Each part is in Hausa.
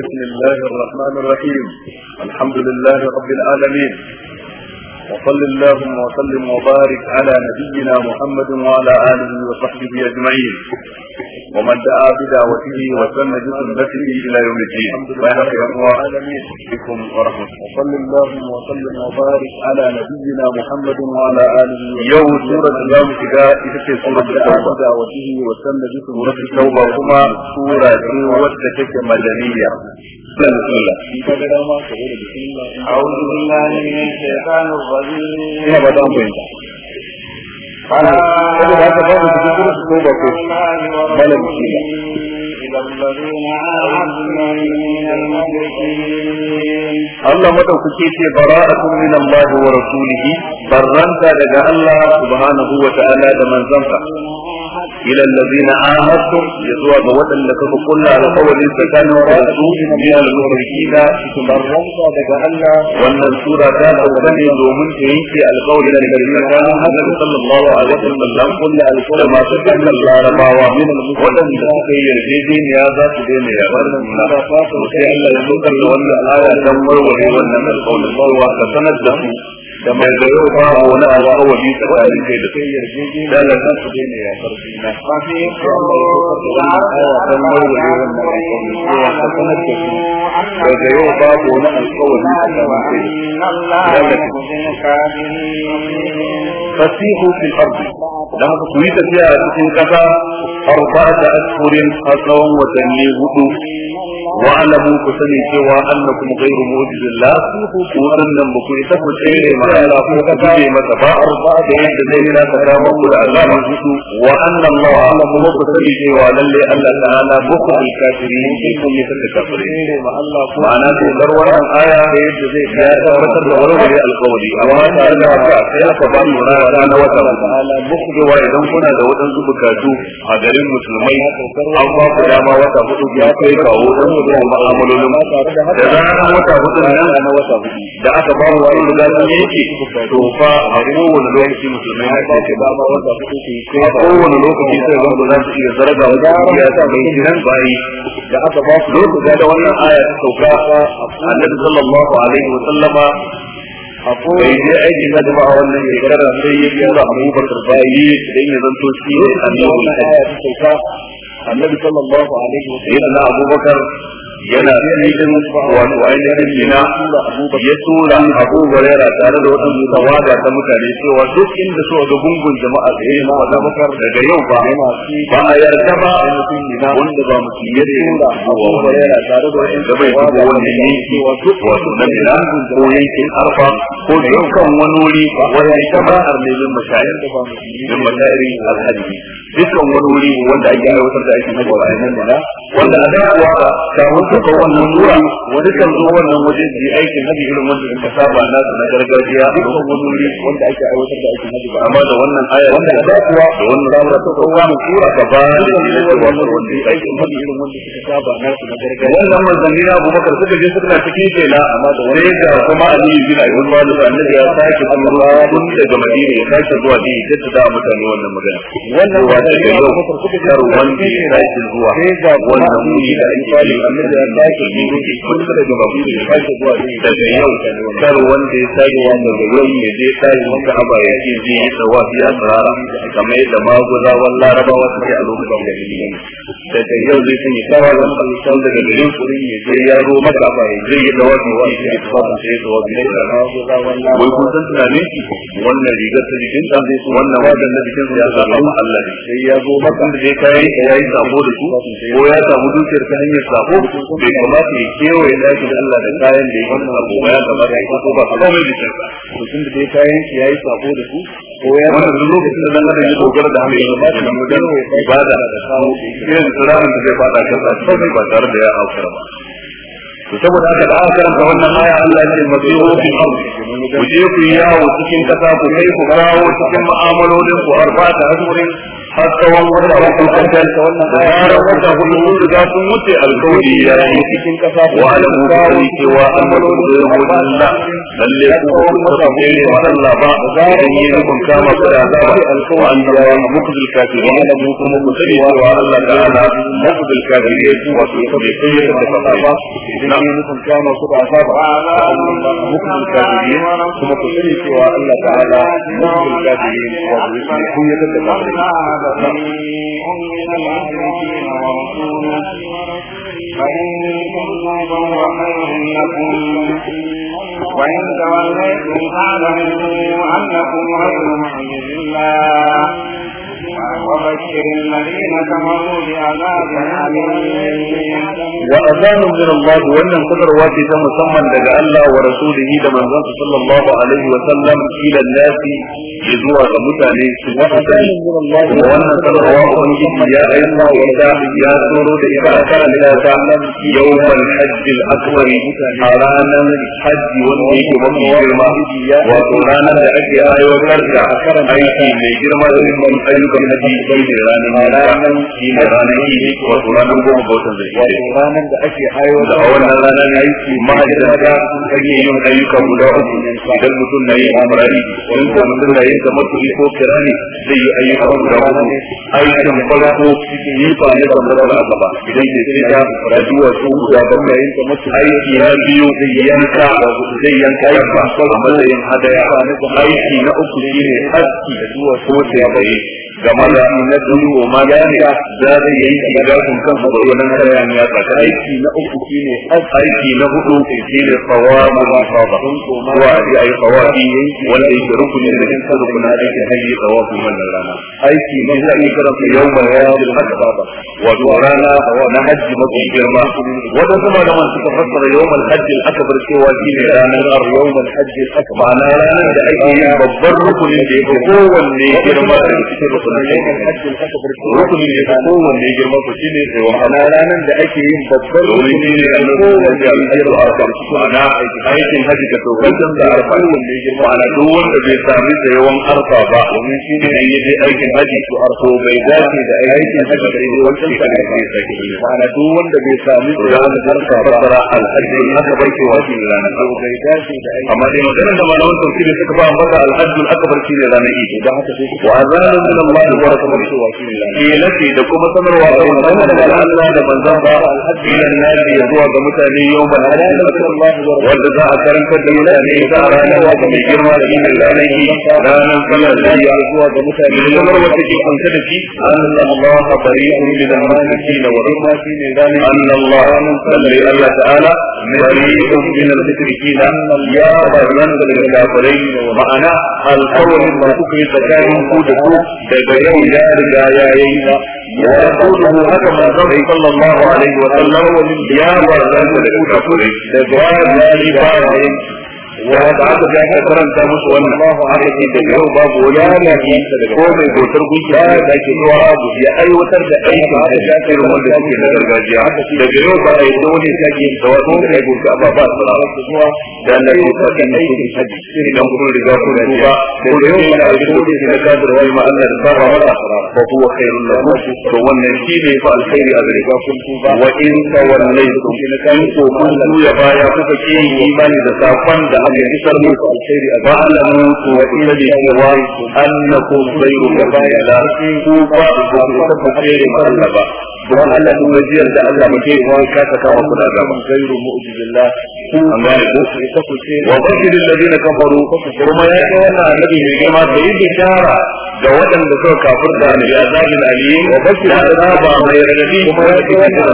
بسم الله الرحمن الرحيم الحمد لله رب العالمين وصل اللهم وسلم وبارك على نبينا محمد وعلى اله وصحبه اجمعين ومن دعا بدعوته وسن بسنته الى يوم الدين بارك الله فيكم ورحمه الله وصلى اللهم وسلم وبارك على نبينا محمد وعلى اله يوم سوره اليوم كذا ita سوره التوبه بدعوته وسن سوره التوبه كما سوره وتكك مدنيه أعوذ بالله من الشيطان الرجيم عنه فقد هذا بعض الدكتور في التوبة بل مشكلة Allah madaukake ce bara'atu min Allah wa rasulihi barranta daga Allah subhanahu wa ta'ala da manzansa ila allazina amantu yazuwa ga wadanda kafa kullu ala qawlin sa kana wa rasulihi min al-mu'minina wannan sura ta bane domin ta yanke alqawli da garin kana hadda sallallahu alaihi wa sallam kullu al-qawli ma sabbana Allah rabbawa min al-mu'minina kai ya za su daina ya wannan suna sai Allah ya saukar da wannan aya don warware wannan alƙawarin wa ka sanar da su kamar da yau ba a wani abu a wani tsakanin kai da kai yarjejeniya da za su daina ya farfi na fafi da yau ba a wani alkawari a tsakanin kai fasihu fil ardi dan haka ku yi tafiya a cikin kasa arba'ata da a tsawon watanni hudu wa alamu ku sani cewa annakum ghayru mu'jizillah ku sannan ba ku isa ku tsere ma Allah ko ku guje masa ba da yadda zai yi nasa kama ku da azaban su wa anna sani cewa lalle Allah ta'ala buku al-kafirin shi kun yi ma'ana to da yadda zai da wata idan kuna da waɗansu bukatu a garin musulmai an ba ku dama wata hudu ya kai kawo dan wajen mu'amalolin da za zaran wata hudu nan da aka ba mu wani da zan yanke to fa a kowane lokaci musulmai ya ce ba ma wata hudu ke a kowane lokaci sai ga ba za su iya zarga wata ya sa bai kiran bai da aka ba su lokaci da wannan aya ta sauka annabi sallallahu alaihi wa sallama akwai ne aikin na jama'a wannan shekara sai ya yi wa abubakar bayi da yin zanto shi ne annabi annabi sallallahu alaihi wa sallam abubakar yana cikin wato ainihin mina ya tura abu barera tare da wata tawaga ta mutane cewa duk inda so ga gungun jama'a da yayi ma da bakar daga yau ba ba a yarda ba wanda ba ya tura abu barera tare da wata da bai shigo wannan yanki duk wato na mina ko yankin arfa ko dukkan wani wuri wanda ya ba a mashayar da ba mashayar alhaji dukkan wani wuri wanda ake aiwatar da aikin hajji ba aikin mana wanda a da kuwa ba kafin wannan wani kan zo wannan waje da na hajji irin wanda suka saba na su na gargajiya dukkan wani wuri wanda ake aiwatar da aikin na ba amma da wannan aya wanda a da kuwa da wannan zamura ta kawo wannan ka ba da wannan wanda aikin irin wanda saba na su na gargajiya wannan manzanni na suka je suka amma da wani da kuma Ali bin Abi Talib annabi ya sake sallallahu alaihi daga Madina ya sake zuwa da ya tada mutane wannan magana wannan daga yau kar wanda ya sake zuwa wannan muni da ake yi daga yau kar wanda ya sake wanda daga yau ya je tashi maka haba ya ce zai yi tsawafi a tsirara kamar yadda maguzawan larabawa suke a lokacin da ya daga yau zai sanya tsawaran salisan daga garin kurin ya je ya zo maka haba ya zai yi tsawafi wa ya ce tsawafi ya tsawafi ne wai kun san tunanin wannan rigar ta jikinta wannan wajen na jikinsa ya zama Allah ne sai ya zo makan da zai kayan ka yayi sabo da su ko ya samu dukiyar ta hanyar sabo bai kamata ya kewaye lafi da Allah da kayan da ya wani sabo ya gaba da ita ba ka komai da to tun da zai kayan ka yayi sabo da su ko ya lokacin da dan adam ya dogara da hanyar ba da mutum ibada irin tsirarin da zai fada ba tare da ya aukar ba to saboda haka da aka karanta wannan aya Allah ya ce masiru fi ardh ku je ku yawo cikin kasa ku kai ku rawo cikin mu'amalolin ku arba da har tsawon wata hukun kasar da zarar wata hukun sun riga sun wuce alkawari ya yi cikin kasa alamu da cewa an Allah lalle ne wa Allah ba yi kama da ya yi muku kuma sani cewa Allah ta muku su kai da ba kama da muku kuma ku sani cewa Allah ta muku su kai da بريء من المشركين ورسوله فإن كنتم فهو لكم وإن توليتم فاعلموا أنكم غير معجز الله وبشر الذين كفروا بعذاب أليم وأذان من الله وأن قدر واتي تم سمن لدى الله ورسوله لمن ذات صلى الله عليه وسلم إلى الناس يزوى كمتاني سبحانه وأن قدر واتي يا أيها وإذا يا سورة إبعاثة لأتا يوم الحج الأكبر أرانا الحج والميك ومن جرما وأرانا لأكي آيوة كرسة أيكي من جرما ومن أيوة gwamnati bai ne ranar ranar shi ne ranar yi wato ranar goma ga watan zai yi ranar da ake hayo da a wannan ranar ya yi ce da kan yi yin ayyuka guda uku idan mutum na yin amurari in ko mutum na yin kamar kuɗi ko kirani zai yi ayyuka guda uku aikin farko yi ba ne da ba ba idan ke sai ta rajuwa su ba na yin kamar aiki na biyu zai yanka zai yanka yin ba a matsayin hadaya aiki na uku shi ne da zuwa ko sai game da na biyu wa ma gane za da ya yi idasun kansa da wannan kayan ya tsaka aiki na uku shine aiki na hudu shine sawabu musaba wa a yi sawabi wanda yake rukuni da cikin sarrafa na aiki ta yi sawabu wannan rana aiki na hudu ya karanta yau ba ya yi hadaba wato rana na hajji mafi girma wanda kuma da man suka fassara yau mal hajji al-akbar cewa shine ranar yau mal hajji al-akbar ma'ana ranar da ake yin babbar rukunin da ya fi kowanne girma da cikin rukuni rukuni ne ta girma ku ana ranar da ake yin babbar rukuni ne a lokacin da ake yin aikin haji da ne girma ana duk wanda bai sami arfa ba domin shi ne an yi dai aikin haji bai dace da aikin haji da sa ne ke sake yi ana duk wanda bai sami arfa ba fara alhaji aka ranar bai dace da aikin amma dai maganar da malaman suka ba ambata alhaji aka bar ne ranar don haka sai albarka mu shi wakil Allah ke da kuma sanarwa ga manzon da Allah da manzon ba alhaji nan nabi ya zuwa ga mutane yau ba da Allah wanda za a karantar da mutane da ranar wa ga mai girma da yin alaihi ranar sallar da ya zuwa ga mutane sanarwa take kanta da shi Allah bari'un lil munafiqina wa rahmatina zalika anna Allah salli Allah ta'ala bari'un min al-mushrikeen ya barran da kafirai ma'ana alqawl da kuke tsakanin ku da ku daga yau ya riga ya yi ba wa rasuluhu haka manzon sallallahu alaihi wa sallam ya ba zan da kuka kure da ba zalika ne ya da aka ga ka karanta musu wannan aka ce da yau babu wani yanayi ko mai bautar gunki da ake zuwa abu ya aiwatar da aikin da ya ce wanda suke na gargajiya daga yau ba a yi ta wani ya ke da wasu da ya gunka ba ba su rawa su zuwa da na yi sakan aikin hajji idan kuma riga ko da ba da yau ba a yi ta wani na kadarwa ma Allah da saba mata ba kuwa khairun lahu to wannan shi ne fa alkhairi a gare ka kun tuba wa in tawallaytum in ko kun juya baya kuka ke imani da sakon da ya isar muku alkhairi a ba alamu ku wa ila bi cewa annakum bayru kabaila ku ba ku ku Allah ba don da Allah muke wanka ta kawo an gane ko wa bashirin ladina kafaru kuma ya ce wannan annabi mai girma da yi bishara ga waɗanda suka kafirta ne ya zabin aliyu wa bashirin azaba mai radadi kuma ya ce wannan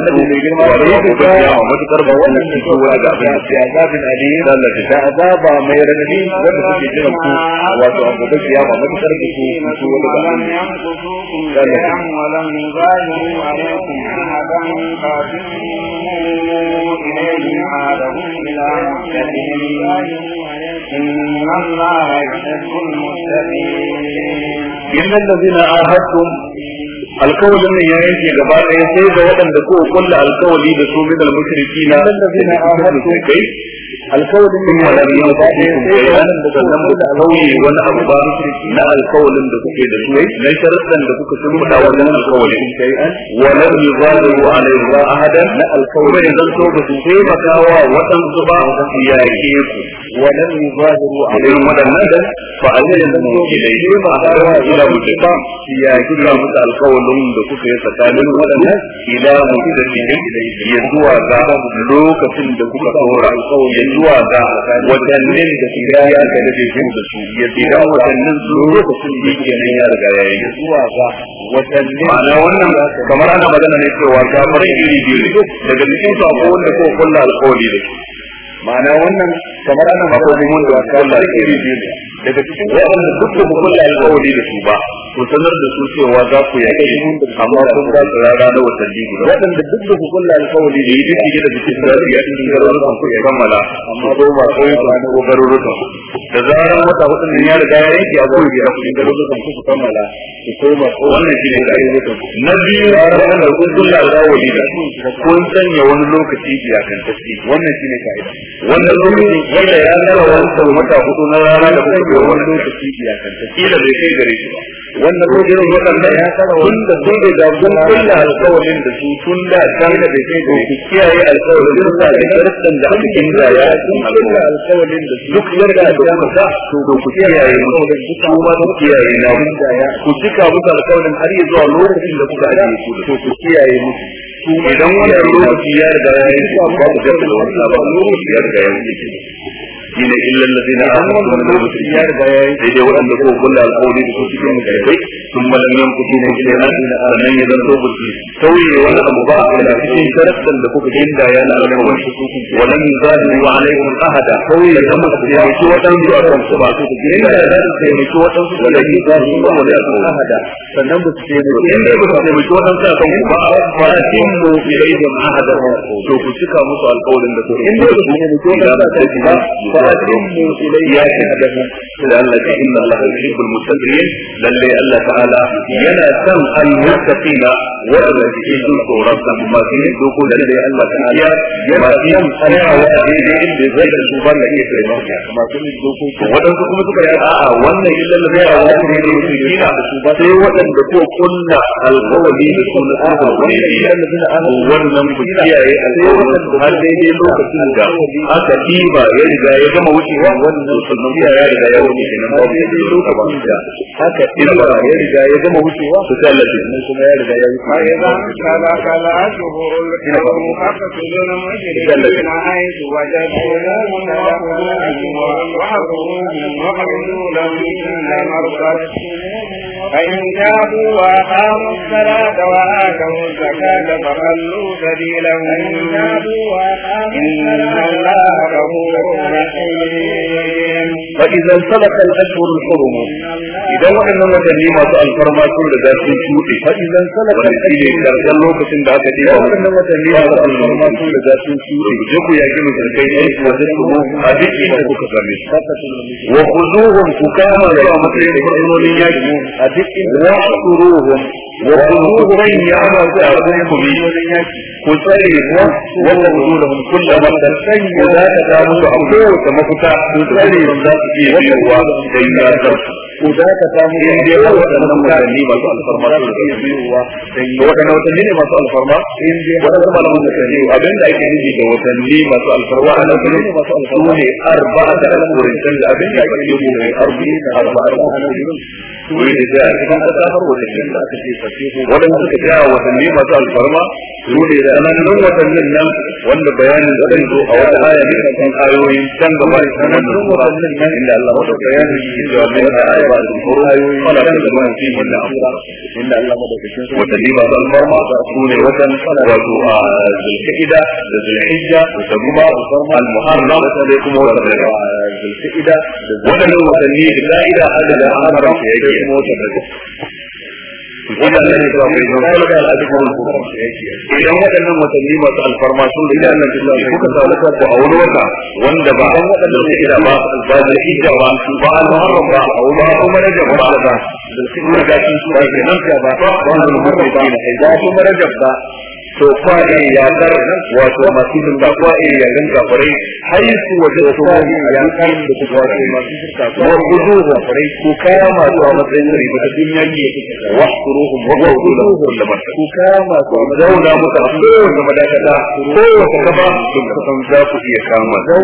wani da wani المتقين alkawalin nan ya yanke gaba ɗaya sai ga waɗanda ko kulla alkawali da su min almushrikina alkawalin da kuma rabi yau sai sai da kan da wani abu ba na alkawalin da kuke da shi na sharaddan da kuka sun da wannan alkawalin ba an wa lam yuzalu alayhi wa ahadan na alkawalin zan so ba su sai makawa wadan su ba su yake ku wa lam yuzalu alayhi wa ahadan fa alayhi zan so da shi ba hawa ila mutaka ya kira musu alkawalin da kuka yi tsakanin wadannan ila mutaka da shi zuwa ga lokacin da kuka tsora alkawalin zuwa ga watannin da su ya aka dace shi da su ya tsira watannin su lokacin da yake nan ya riga ya yi zuwa ga watannin ma'ana wannan kamar ana magana ne cewa kafirai iri biyu daga cikin su akwai wanda ko kullu alƙawari da shi. ma'ana wannan kamar ana magana wasu da kalla iri biyu ne daga cikin wa'anda duk da kun da alƙawari da su ba to sanar da su cewa za ku yaƙi amma kun ba su rara na watanni guda waɗanda duk da kun da alƙawari da yi duk da cikin da su yaƙi cikin garurukan ku ya kammala amma ko ba ko yi ba na garurukan da zarar wata hudun ya riga ya yanke a gobe ya kudin garurukan ku ku kammala ku koma ko wannan shi ne garurukan yi. na biyu ranar kun da alƙawari da kun sanya wani lokaci biya kan tafi wannan shi ne ka'ida wannan lokacin wanda ya zama wancan wata hudu na rana da kuma bai wani lokaci biya kanta kila bai kai gare shi ba wannan lokacin waɗanda ya tsara wanda sun bai da kun kulla alƙawarin da su tun da can da bai kai gare kiyaye alƙawarin da ake karistan da aka kin da ya kun kulla alƙawarin da su duk yadda da kuma sa to ku kiyaye alƙawarin da su ma ku kiyaye na ku cika musu alƙawarin har ya zuwa lokacin da kuka ajiye su da ku kiyaye musu idan wannan lokaci ya riga ya yi babu gaskiya wannan lokaci ya riga ya yi shine illal ladina amanu min al-muslimin sai dai waɗanda ko kullu alƙawli da su cikin mukaifai sun malam yan kuɗi ne ilai ladina sannan ya zanto ba su tauye wani abu ba ila cikin sharaddan da kuka ginda ya na alƙawli walam yuzadu alaihim ahada tauye da kuma su ya ci waɗansu a kansu ba su ginda ya za su taimaki waɗansu da ya za su ba wani ahada sannan ba su taimaki inda ba su taimaki waɗansu a kansu ba fa timmu ilaihim ahada to ku cika musu alƙawlin da kuka ginda su ba وأتموا إليه حجه لأنك إن الله يحب المتقين للي الله تعالى ينا سم المتقين وأنا تجد ربنا ما في يدوكو للي الله تعالى ينا سم المتقين بغير سبحان لك يسلمون ما في يدوكو وأنا تقوم تقول آه وأنا إلا الذي أعلم المتقين sai waɗanda ko kunna alƙawari da sunan Allah wanda ya wannan ku kiyaye alƙawarin har daidai lokacin da aka kiba ya riga ya gama wucewa wannan sunnoniya ya riga ya wuce shi nan babu yadda ya wuce ba haka ina ba ya riga ya gama wucewa su tallafi nan kuma ya riga ya wuce ba ya za ka ba ka la ashhurul hurum haka su zuna mujrimin hayth wajadu lahum lahum wa hadu wa hadu lahum la marsad فإن تابوا وأقاموا الصلاة وآتوا الزكاة فخلوا سبيلهم إن الله غفور رحيم فإذا انسلخ الأشهر الحرم إذا وإن المجلي ما سأل فرما كل ذات شوء فإذا انسلخ الأشهر كرشان لوكسن ذات إذا وإن المجلي ما سأل فرما كل ذات شوء جكو يجب أن تكيش وزدتموه أبيك إذا كسامي وخذوهم فكاما لما تريد أن يجب واحصروهم وخذوهم يعمل بأرضكم كسري وخذوا لهم كل مرة وذاك داموا أقوة مكتا كسري وذاك في وقوة جيدا ko za ka samu in dai har waɗannan watanni masu alfarma su da iya biyuwa to waɗannan watanni ne masu alfarma in dai har wasu malaman da kaje abin da ake nufi da watanni masu alfarma a nan su ne arba'a da alƙurin can da abin da ake nufi da arba'a da alƙurin a nan su ne da a cikin ƙasa har watanni da aka ce fasihu waɗanda suka ja watanni masu alfarma su ne sanannun watannin nan wanda bayanin da zai zo a wata aya ne a kan ayoyin can gaba da sanannun watannin nan inda Allah mada bayanin shi da wani wata aya ba su koro ayoyin wala da zuwa shi wanda inda Allah mada kashin su wata liba da alfarma su ne watan wato a zulka'ida da zulhijja da sabuma al-muharram da kuma wata da zulka'ida da wadannan watanni da ka'ida adada haram ya yi kuma wata da wajen nan ya da idan waɗannan watanni masu alfarma sun da idan nan da kuka samu a wani wata wanda ba an waɗanda su ba ba da ba ba al-muharram ba a wani ba kuma rajab ba da su da su da nan ba ba da muharram ba da su rajab ba to kwa ya yakar wato masu shirka kwa iya yakan kafirai har su wajen su da su kwa iya masu ku kama su a matsayin da riba cikin yaki wa suruhu wa kudu da kullum ku su a zauna muka a kowace madakata kowace gaba don za ku iya kama to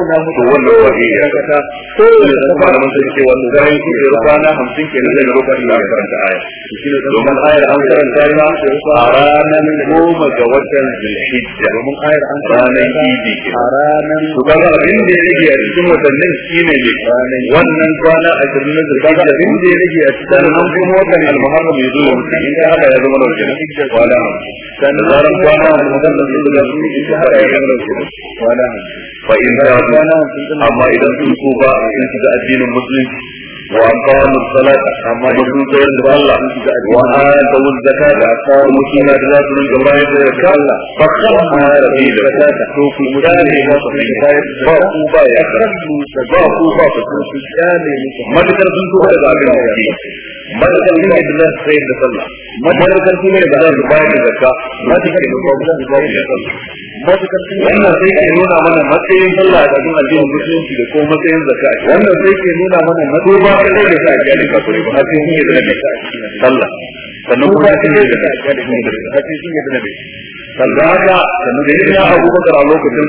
wannan kwa iya yakata kowace gaba da mutum cewa su zai ku iya rukana hamsin kenan daga lokacin da aka karanta aya domin aya an karanta ta a ranar goma ga wata watan zulhijja domin ayar an ranar idi ke ranar su abin da ya rage a cikin watannin shi ne wannan kwana a cikin na zulhijja abin da ya rage a cikin nan kuma watan al-muharram ya zo in ka hada ya zama rauke wala sannan zaran kwana a cikin da zulhijja sun yi ya zama rauke wala fa in ta amma idan sun ko ba in shiga addinin musulunci وأقاموا الصلاة أما يكون خير الله وآتوا الزكاة أقاموا الصلاة لا تريد الله إلا الله فخرجنا في الزكاة توفي مجاني وصفيها فأقوبا يخرجوا فأقوبا فتوفي مجاني ما ذكر سنتو هذا عبد الله ما ذكر من عبد الله خير لصلى ما ذكر بدل رباية الزكاة ما ذكر من قبل wannan sai ke nuna mana matsayin sallah da kuma addinin musulunci da ko matsayin zakka wannan sai ke nuna mana matsayin kadai da sa iyali ka ba har sun yadda da sallah sannan kuma sai da sun yadda har sai sun yadda da sannan haka sannan da a lokacin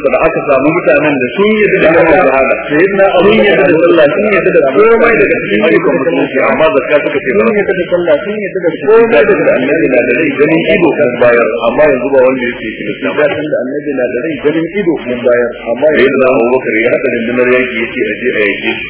sa da aka samu mutanen da sun yadda da Allah da hada sai yadda Abu yadda da sallah sun yadda da komai daga cikin ayyukan musulunci amma zakka suka ce sun yadda da sallah sun yadda da komai daga annabi na da rai ganin ido kan bayar amma yanzu ba wanda yake shi da san da annabi na da rai ganin ido kan bayar amma yanzu ya hada dindinar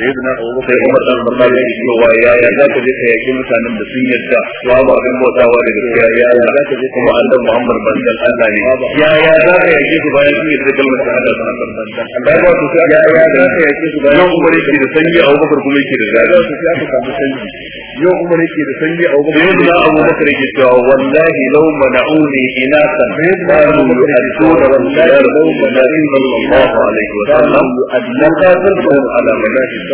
سيدنا ابو بكر عمر بن الخطاب يقول هو يا يا لا تجد يكون مثلا بسن يدع صواب بن موسى والد يا يا لا تجد كما عند محمد بن الحلاني يا يا لا تجد بها يكون يدرك المسجد هذا صلى الله عليه وسلم يا يا لا تجد بها يوم عمر يكي لسن يا ابو بكر كم يكي لزاد يوم عمر يكي لسن يا ابو بكر سيدنا ابو بكر يكي والله لو منعوني اناسا سيدنا ابو بكر يكي والله لو منعوني اناسا سيدنا ابو بكر يكي والله لو منعوني اناسا سيدنا ابو بكر يكي والله لو منعوني اناسا سيدنا ابو بكر يكي والله لو منعوني اناسا سيدنا ابو بكر يكي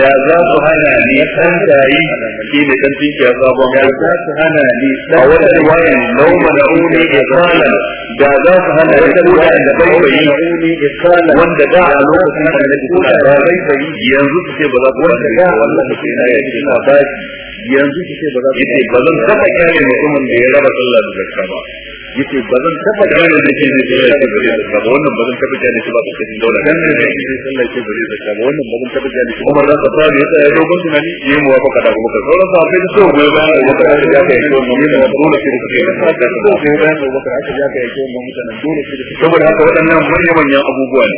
da za su hana ni san tayi shi ne kan tinkiya sabon ya za su hana ni a wata riwaya lau mala'uni isala da za su hana ni da kuda da wanda da a lokacin da na da yanzu su ba za ku wanda ga wannan mutum ya ce na baki yanzu su ba za ku ba zan mutumin da ya raba sallah da zakka ba yace ba zan taba gane da ke ne sai ya bari da ba wannan ba zan taba shi ba cikin dole dan ne sai Allah ya bari da ba wannan ba zan taba gane shi Umar da Khattab ya tsaya dogon tunani ya yi muwafaka da Abubakar sauran sahabbai da so goyi bayan Abubakar ka yake wannan mutum da dole shi da ke da so goyi bayan Abubakar aka ja ka yake wannan mutum da dole shi da ke saboda haka waɗannan manyan manyan abubuwa ne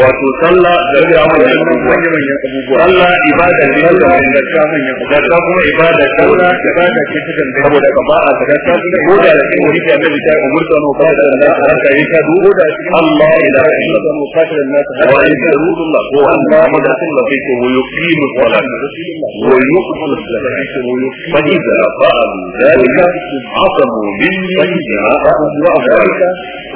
wato sallah da da manyan manyan abubuwa ibada ne da da manyan abubuwa kuma ibada ibada ce ta saboda ba a zakata ko da da ke wuri da أمرت أن أقاتل الناس حتى يشهدوا الله إلى أمرت أن أقاتل الناس حتى يشهدوا الله هو أن محمد صلى فيك ويقيم الصلاة ويقبل الصلاة فإذا فعلوا ذلك عصموا مني جماعهم وأموالك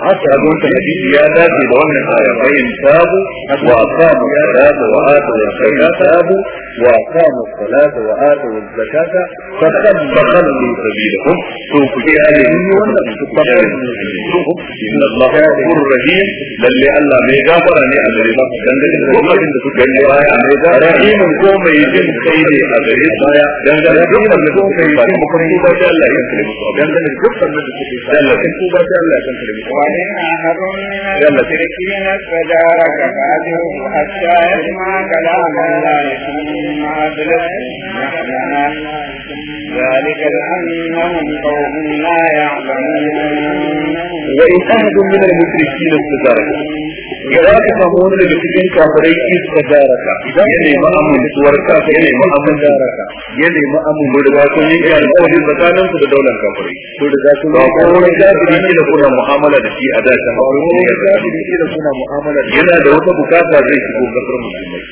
حتى قلت حديث يا ذاتي لأن آيتين تابوا وأقاموا الصلاة وآتوا الزكاة تابوا وأقاموا الصلاة وآتوا الزكاة فقد بخلوا سبيلهم سوف يعلمون جاري إن الله غفور رحيم للي الله مي غفر ني أدري ما lokacin da suka yi baya rahim ko mai jin kai ne a gare su dan da duk wanda ko mai jin ko mai ba da Allah ya kare su dan da duk wanda da suke da Allah ko ba da Allah ya kare su wa in ahadun min al-mushrikin fadaraka fa'adhu hatta yasma kalam Allah thumma adlaha ذلك بأنهم قوم لا يعلمون wa in ahadun min al-mushrikeen istajaraka ga za ka samu wani daga cikin kafirai istajaraka wani kafiri kila kuna mu'amala da shi a da ta hawa wani kafiri kila kuna yana da wata bukata zai shigo kasar musulmai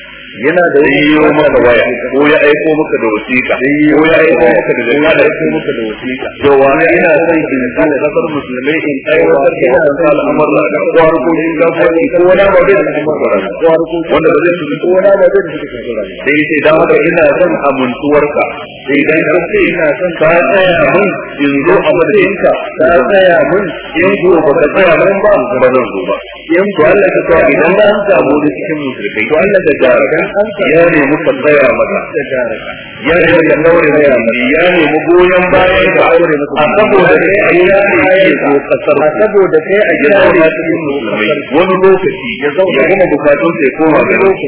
yana da yi yi maka waya ko ya aiko maka da wasiƙa ko ya aiko maka da zakka da aiko maka da wasiƙa to wani yana son in kana kasar musulmai in aiwatar da wannan al'amar da ka ko harkokin gafarki ko wani ba zai da kuma ko harkokin wanda ba zai su ko wani ba zai da kuma sai sai da haka ina son amintuwarka sai dan ka ce ina son ka tsaya mun in zo a madadinka ka tsaya mun in zo ba ka tsaya mun ba ba zan zo ba in ko Allah ka tsaya idan ba an samu da cikin musulmai to Allah ka jara ya nemi ka tsaya maka ya nemi ka daure maka ya nemi goyon bayan ka a saboda kai a ya ne ko kasar a saboda kai a ya ne wani lokaci ya zauna bukatun sai koma ga lokaci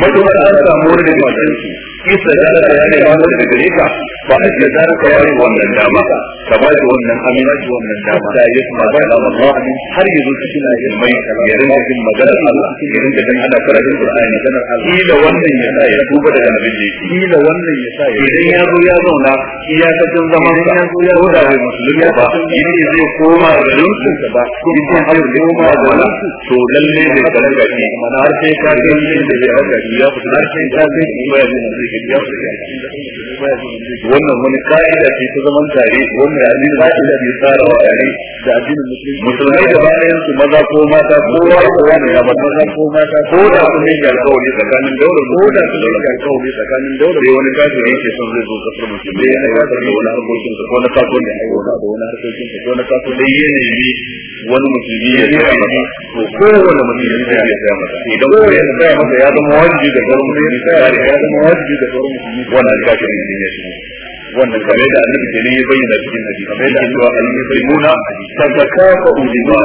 mutum an samu wani daga su, kisa da ya ne ba daga gare ka ba ake ce za ka ware wannan dama ka ba wannan amina shi wannan dama da ya kuma ba da Allah har yanzu su suna ilmai ya rinka jin maganar Allah ya rinka jin ana karatun Qur'ani maganar Allah kila wannan ya sa ya tuba daga abin da yake kila wannan ya sa ya idan ya zo ya zauna iya ta jin zaman sa ko da bai musulmi ba idan zai koma ga lunsun sa ba in zai har koma ga lunsun to lalle zai kalanga shi har sai ka ga yin da ya haka ya fita har sai ka ga imani da zai ya fita wannan wani ka'ida ce ta zaman tare wannan addinin musulunci bai tsara wa tare da addinin musulunci musulmai da bayan su maza ko mata ko wa ko wa ne ba maza ko mata ko da su ne ga alƙawari tsakanin ko da su ne ga alƙawari tsakanin daular sai wani kafiri ke son zai zo kasar ya da wani harkokin ko na kafo da aiwata da wani harkokin ko na kafo dai yanayi wani musulmi ya tsaya mata to kowane musulmi ya tsaya mata idan kowa ya tsaya mata ya zama wajibi da sauran musulmi ya zama wajibi da musulmi wannan kafiri idan ya shigo wannan kame da annabi ke ne ya bayyana cikin hadisi kame da cewa annabi bai tatakafa ulima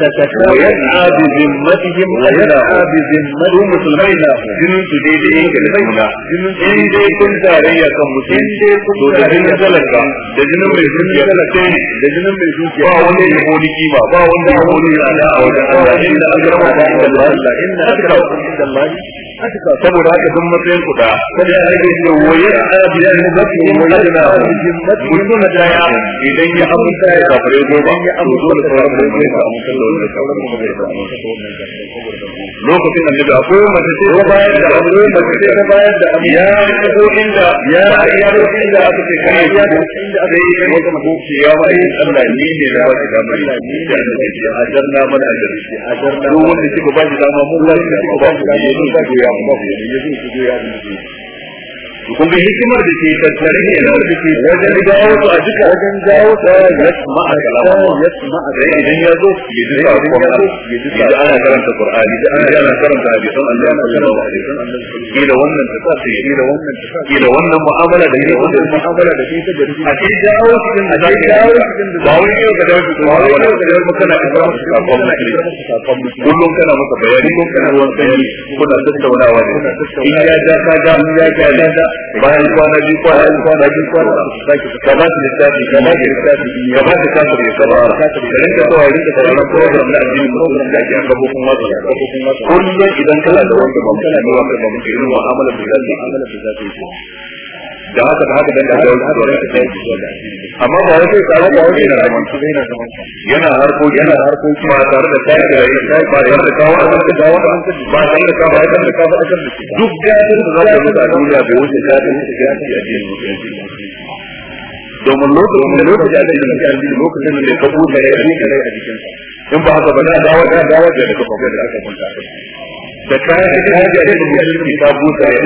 tatakafa yana bi zimmatihim wa yana bi zimmatihim musulmai na jinin su dai dai yake da nuna in dai kun tarayya kan mutum to da jinin talaka da jinin mai dukiya da jinin mai dukiya ba wanda ya hodi kima ba wanda ya hodi rana a wajen Allah inna akramakum inda Allah inna akramakum inda Allah saboda haka sun matsayin kuɗa kada ya rage shi waye a biyar ne ba na mutum na daya idan ya ya sauran da zai samu da sauran da zai samu da lokacin annabi akwai mace ce ta bayar da mace ce bayar da abu ya inda ya ya inda aka ce kai ya inda aka yi kai wata mace ya ba Allah ni ne da ba da mai ni da mana wanda kika ba shi dama mun kika ba shi dama ya ba ya ya kun ga hikimar da ke tattare ne da ke wajen jawo su a jika wajen jawo su ya sama'a kalamun ya sama'a da idan ya zo ya duka a kuma ya duka sa ana karanta qur'ani da ana karanta hadisan Allah sallallahu alaihi wasallam kila wannan ta sa sai wannan ta sa kila wannan mu'amala da wannan mu'amala da ta da a cikin da jawo su din da ba wai yau ga dawo su ba da yau kana da sakon kullum kana maka bayani ko kana wannan kuna tattaunawa ne in ya ja ka ja ya bayan kwana biyu kwana biyu kwana biyu kwana sake ka ba shi littafi ka ba shi littafi ba shi kafir ya saba ka rinka kawai rinka sauraron program na addini program da ake aka bukun wasu kullum idan kana da wanda ba kana da wanda ba mutum irin mu'amalar da zai yi da haka da haka dan da dawo da amma ba wai sai kawo ba wai yana yana harko yana harko ba tare da kai da rai ba da kawo da da dawo ba tare da kawo da kawo da duk gadin da zaka yi da duniya bai wuce gadin da gadin da addini domin lokacin da lokacin da addini da addini lokacin da ka buɗe rai a jikin in ba haka ba na dawo da dawo da ka faɗa da aka kunta da kayan da kaji a cikin musulunci ka buta ya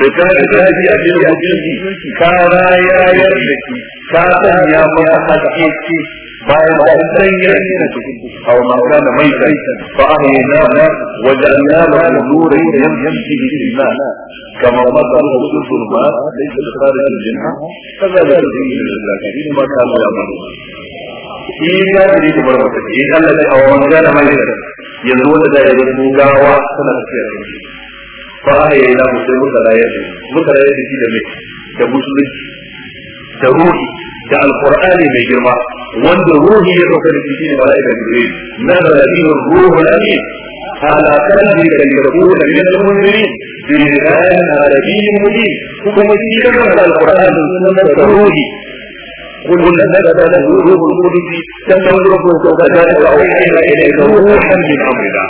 da kayan da kaji a cikin musulunci ka rayayar da ki ka sanya masa haske bayan da an sanya shi da cikin aw ma kana mai sai fa ahyina wa ja'alna lahu nuran yamshi bihi nas kama matal husul sulma laysa bi kharij al jinna kadhalika yuhyi al kafirin ma kana ya'malun إيمان يريد بركته إن الذي أو من كان ميتا yanzu wanda da yi sun gawa tana tafiya da shi fa aka yi na musulmi muka rayar da muka rayar da shi da mai da musulunci da ruhi da alqur'ani mai girma wanda ruhi ya dauka da shi ne mala'ika ruhi na rabbihu ruhul amin ala kalbi da da min al-mu'minin bi da arabiyyin mubin kuma shi da alqur'ani sunan ruhi قل ان نزل له روح القدس كما يدركه كذلك اوحينا اليك روحا من امرنا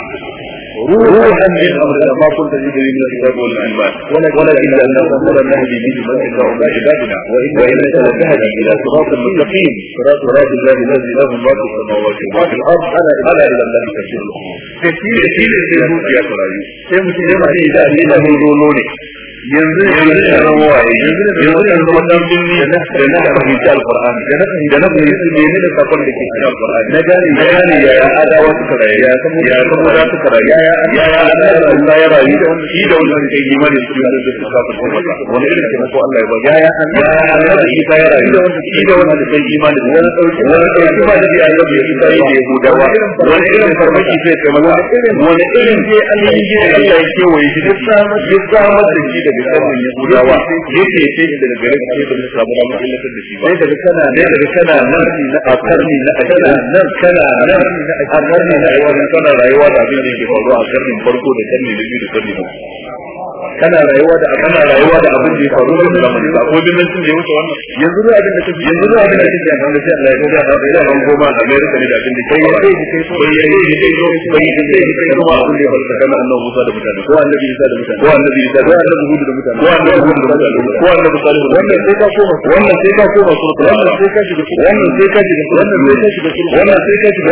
روحا من امرنا ما قلت تدري من الكتاب والايمان ولكن انه رسول نهدي به من يشاء من عبادنا وانك لتهدي الى صراط مستقيم صراط صراط الله الذي له ما في السماوات وما في الارض الا الى الذي تشير الامور كثير كثير يا سرايو سيمشي لما هي اذا لم يقولوني yanzu yanzu ya zama waye yanzu ya zama dan binni da na fahimci alqur'ani da na da na fahimci ne da sakon da ke cikin alqur'ani na gane na gane ya ya adawa suka rayu ya samu ya samu da suka rayu ya ya ya Allah ya rayu da wani shi da wani da imani su ya da suka ta kuma wani irin ke ko Allah ya ba ya ya Allah ya isa ya rayu da wani shi da wani da imani wani dauki wani dauki ba da ya Allah ya isa ya yi gudawa wani irin farmaki sai kai ya ya sharrin yahudawa yake ce shi daga gare ka sai da samu ramu illatar da shi ba sai daga kana ne daga kana nan na akarni na akana nan kana nan akarni na aiwatar kana rayuwa da abin da yake faruwa a karnin farko da karni da biyu da karni na kana rayuwa da kana rayuwa da abin da ya faru da zamani ba ko bin nan ya wuce wannan yanzu da abin da kake yanzu da abin da kake a nan sai Allah ya ga da ila ban goma a mai rika ne da abin da kai ya sai kai so ya yi da kai so bai da kai kai kuma abin da ya kana annabi Musa da mutane ko annabi Isa da mutane ko annabi Isa ko annabi Hud da mutane ko annabi Hud da mutane ko annabi Salih wannan sai ka koma wannan sai ka koma sura wannan sai ka shiga wannan sai ka shiga wannan sai ka shiga wannan sai ka shiga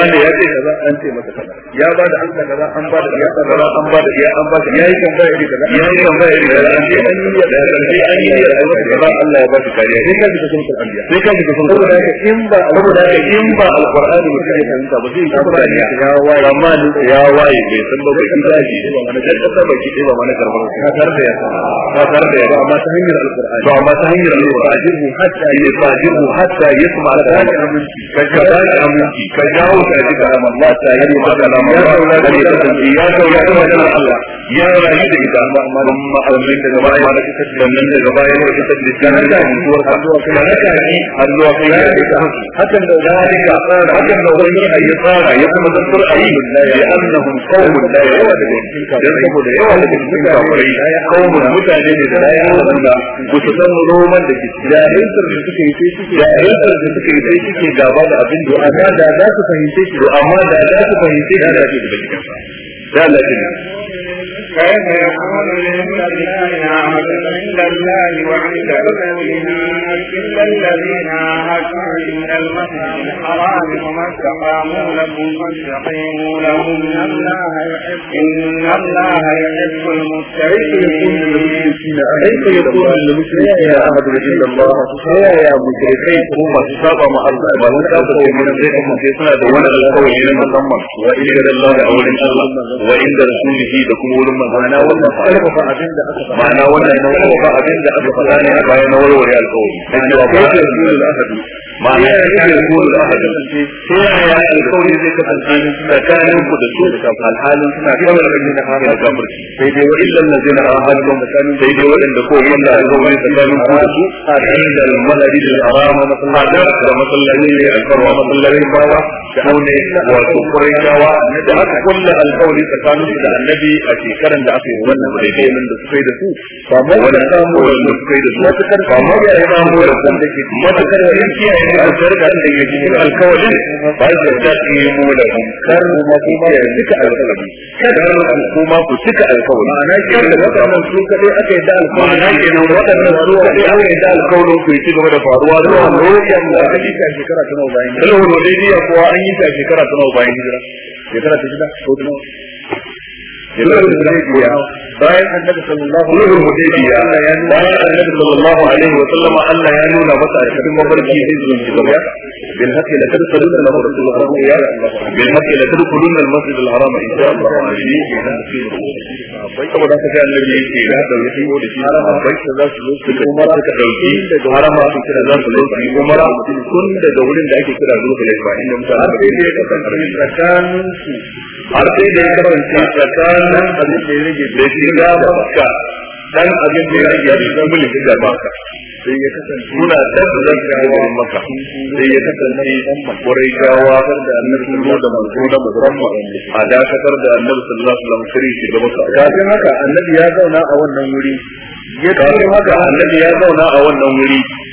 wannan wannan sai ka shiga an ba da biya kaza an ba da biya an ba da yayi tambaya iri kaza yayi tambaya iri kaza an yi an yi da an yi da Allah ya ba shi kariya sai ka ji sun san anbiya sai ka ji sun san saboda haka in ba saboda haka in ba alqur'ani mutum ya fahimta ba zai san ba ya waye amma ya waye bai san ba baki daji ba mana da kasa baki dai ba mana karbar ka tar da ya ka tar da ya ba amma ta hanyar alqur'ani ba amma ta hanyar alqur'ani hatta yafajiru hatta yasma al-qur'ani ka jawo ka jawo ka ji kalam Allah ta yi maka kalam Allah karanta ya ko ya kuma tana Allah ya rayu da ita amma amma alai da gaba ya da kike sannan da gaba ya da kike da kana da mutuwar ka kana da ni Allah ko ya da hakan da zalika hakan da wani ayi tsara ya kuma zakar ayi ya annahum qaumun la yawadun dan saboda yawa da cikin kafirai qaumun mutane ne da ya Allah ku su san noman da cikin jarintar da suke yi sai suke jarintar da suke yi sai suke gaba da abin da da za su fahimce shi amma da za su fahimce shi da shi da sai Allah ya كان يقول للمشركين عهدا الا الله وعند رسوله إلا الذين عاهدتم من المسجد الحرام وما استقاموا لكم فاستقيموا لهم إن الله يحب إن الله يحب المتقين كيف يكون للمشركين عهد عند الله يا يا مشركين هم الشر مع الأمل من ذلك في سنة ولا القول إلى مسمى وإن الله أو الله وإن رسوله لكم ولم ma'ana wannan karfafa abin da aka ma'ana wannan karfafa abin da aka faɗa ne a bayan warware alƙawari dan cewa ko da rasulul ahadi ma'ana ya kare ko da aka kasance ko yi ya alƙawari zai kasance tsakanin ku da su alhalin suna kawai da yin haram da sai dai wa'illan sai dai waɗanda ko yin da alƙawari tsakanin ku da su a cikin da malari da harama masallaci da masallaci ne bawa da aune wato da aka tsakanin da annabi a shekaran da aka yi wannan da suka yi da su ba mu wani samu wanda suka yi da su ba mu ya yi samu wanda suka yi da su cikin alfarka da ba yi mula kar kuma ku ya ku kuma ku ma'ana da su aka yi da alkawali na ke nan su aka yi da alkawalin ci gaba da faruwa lokacin da aka yi shekara bayan hijira. kuwa an yi shekara bayan hijira. Shekara ta shida ko sulhul hudaybiya bayan annabi sallallahu alaihi wa sallam bayan annabi sallallahu alaihi wa sallam Allah ya nuna masa a cikin mabarki zai zo shi gaba bil haqqi la tadkhulun lahu rasulullah ya bil haqqi la tadkhulun al masjid al haram in sha Allah aziz bai kuma da kaga annabi yake da dauki shi da shi bai da za su zo su kuma suka dauki daga harama su kira za su zo su umara kun daga wurin da ake kira zuwa laifa inda mutane da ya kasance tsakanin su har sai da ya kasance tsakanin nan abin da ya rage bai shiga baka dan abin da ya rage bai san mulki da baka sai ya kasance muna tabbatar da kawo maka sai ya kasance kurai gawa da annabi da manzo da musamman a dakatar da annabi sallallahu alaihi wasallam shi gaba ka kafin haka annabi ya zauna a wannan wuri ya kafin haka annabi ya zauna a wannan wuri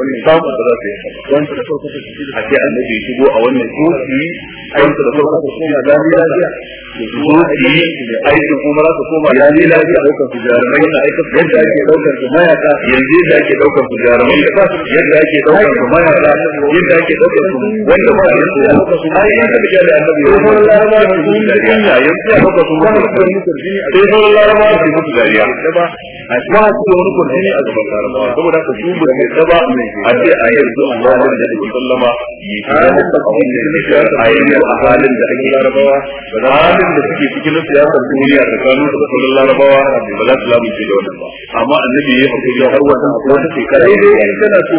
wannan babu da za su yi wanda da farko su shi. a ce annabi ya shigo a wannan doki wanda da farko su shiga da lafiya da aikin kuma za su koma da ni lafiya daukar su jarumai na aikin yadda ake daukar su mayaka yanzu yadda ake daukar su jarumai da yadda ake daukar su mayaka yadda ake daukar su wanda ba ya so ai in ka biya da annabi ya fara laraba da su da ya yanzu ya daukar su ba yi tarbi sai da su mutu dariya da ba a ba su wani kurjini a gaban laraba saboda ka su ba da ba a ce a yanzu a halin da ake sallama halin da ake cikin a yanzu a halin da ake larabawa halin da suke cikin siyasar duniya tsakanin su da kullum larabawa ba za su lamunce da wannan ba amma annabi ya yi ya har wata wata shekara ya yi in kana so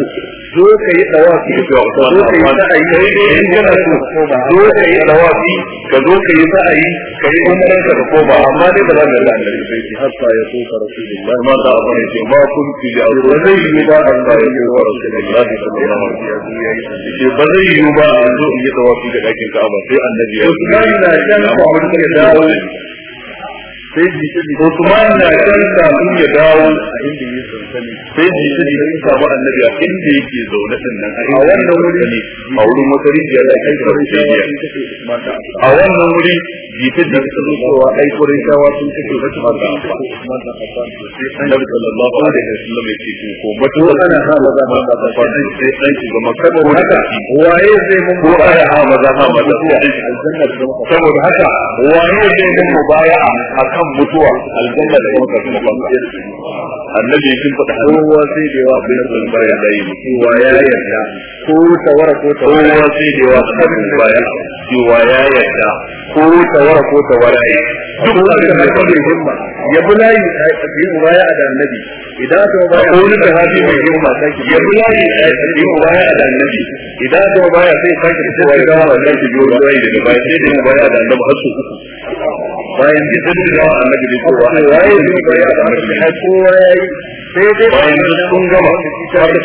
zo ka yi dawafi ka zo ka yi sa'ayi in kana so zo ka yi dawafi ka zo ka yi sa'ayi ka yi umaran ka da koma amma dai ba za mu yarda annabi sai ki hatta ya so ka rasulullahi ma da abin ya ce ma kun fi da zai yi da Allah ya yi wa rasulullahi sallallahu alaihi yi shi ba zai yiwu ba a zo in yi tawafi ga dakin Ka'aba sai annabi ya yi sai Usman na kan kafin ya dawo a inda yake sansani sai jiki jiki samu annabi a inda yake zaune din nan a wannan wuri a wurin da a wannan wuri jiki jiki ta zo cewa ai kurin shawa sun kace wata mata annabi sallallahu alaihi wasallam ya ce ko ana maza sai ga haka waye zai mun ko ana maza saboda haka waye zai mun baya kan mutuwa aljanna da kuma kafin kanka annabi yakin fada kowa sai da yawa bin sun baya yi. cewa ya yarda ko tawara kowa sai da yawa bin baya ya yarda ko tawara ko tawara ya yi ubaya da annabi idan da mai himma ya yi ubaya da annabi idan ka baya sai saki da ya ga da bai da bai sai da ubaya da annabi har bayan duk sun da annabi ne ko wani waye ne baya da annabi ne ko waye sai dai bayan duk sun gama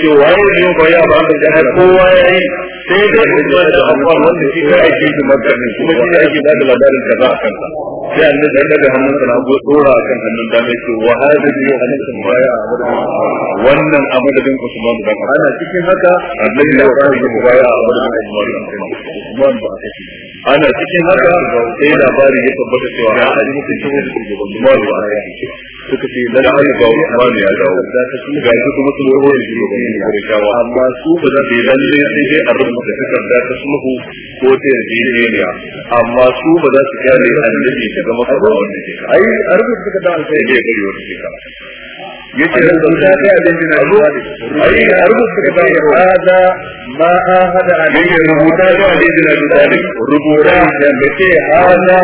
ce waye ne baya da annabi ne ko waye sai dai kuma da abubuwan wanda shi kai ake yi makka kuma shi ne ake bada labarin da za a kanta sai annabi dan daga hannun sa na go dora akan hannun da yake wa hada ne hannun baya a madadin wannan a Usman dan ana cikin haka annabi ya fara yi baya a madadin Usman Usman ba a kace ana cikin haka sai labari ya tabbata cewa ya ali muku cikin da ke gudu ma ruwa ya ce suka ce dan ali ba Usman ya dawo da ta ga su kuma su ruwa da shi ne da shawa amma su ba za su yi lalle sai dai da rubuta da ta su sulhu ko ta yi ne amma su ba za su kyale annabi ta zama kaza wanda ke ai a rubuta takarda sai dai ya bari wata shekara yace da su da ya da jina ru ai a rubuta da hada ma ahada alayhi rubuta da da jina ru talib rubuta da bace hada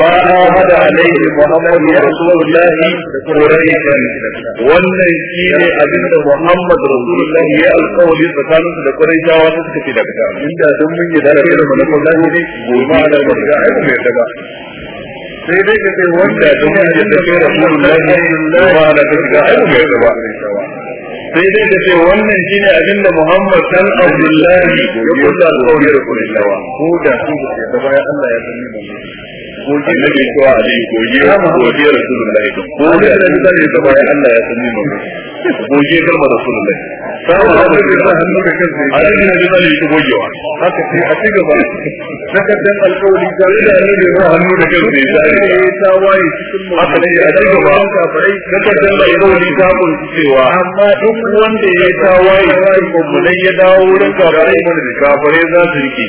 ma ahada alayhi muhammad rasulullah quraikan wannan shi ne abin da muhammad rasulullah ya alƙawari tsakanin da quraishawa su suka ce daga inda mun yi da da mun ne gobe da da ai mai daga sai dai ka sai wanda don ya tafi rasulullahi wa ala tafiya ai ba ga ba sai dai ka sai wannan shine abin da Muhammad dan Abdullahi ya kulla alƙawari da kullawa ko da su ke da ya Allah ya sani ba na bai cewa a dai goje goje rasulullahi ko da da da da bayan Allah ya sani mu goje kalmar rasulullahi sama da da da hannu da kansa da dai da da ne ko gojewa haka da a ci gaba saka dan alƙawari da da ne da hannu da kansa ya sai mu haka ne a da gaba ta kun cewa amma duk da ya da waye cikin ya dawo da kafirai kafirai yi da rike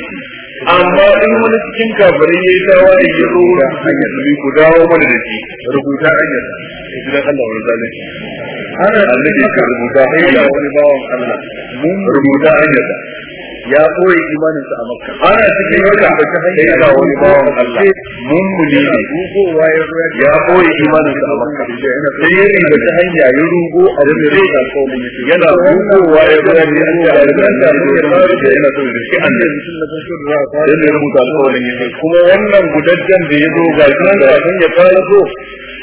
amma in wani cikin kafirai ya yi tawa da ya zo wurin hanyar da ku dawo mana da shi rubuta hanyar ya ji dan Allah wani zalunci ana da nake ka rubuta hanyar wani bawan Allah rubuta hanyar ya ɓoye imaninsa a makka ana cikin wata sai ga wani bawan Allah mummuni ne ya zo imaninsa a makka sai ya ta hanya ya rugo a wani yana rugowa ya ya riga a wani mun yana so da shi an da sai ya rubuta alƙawarin kuma wannan gudajjen da ya zo ga ya fara zo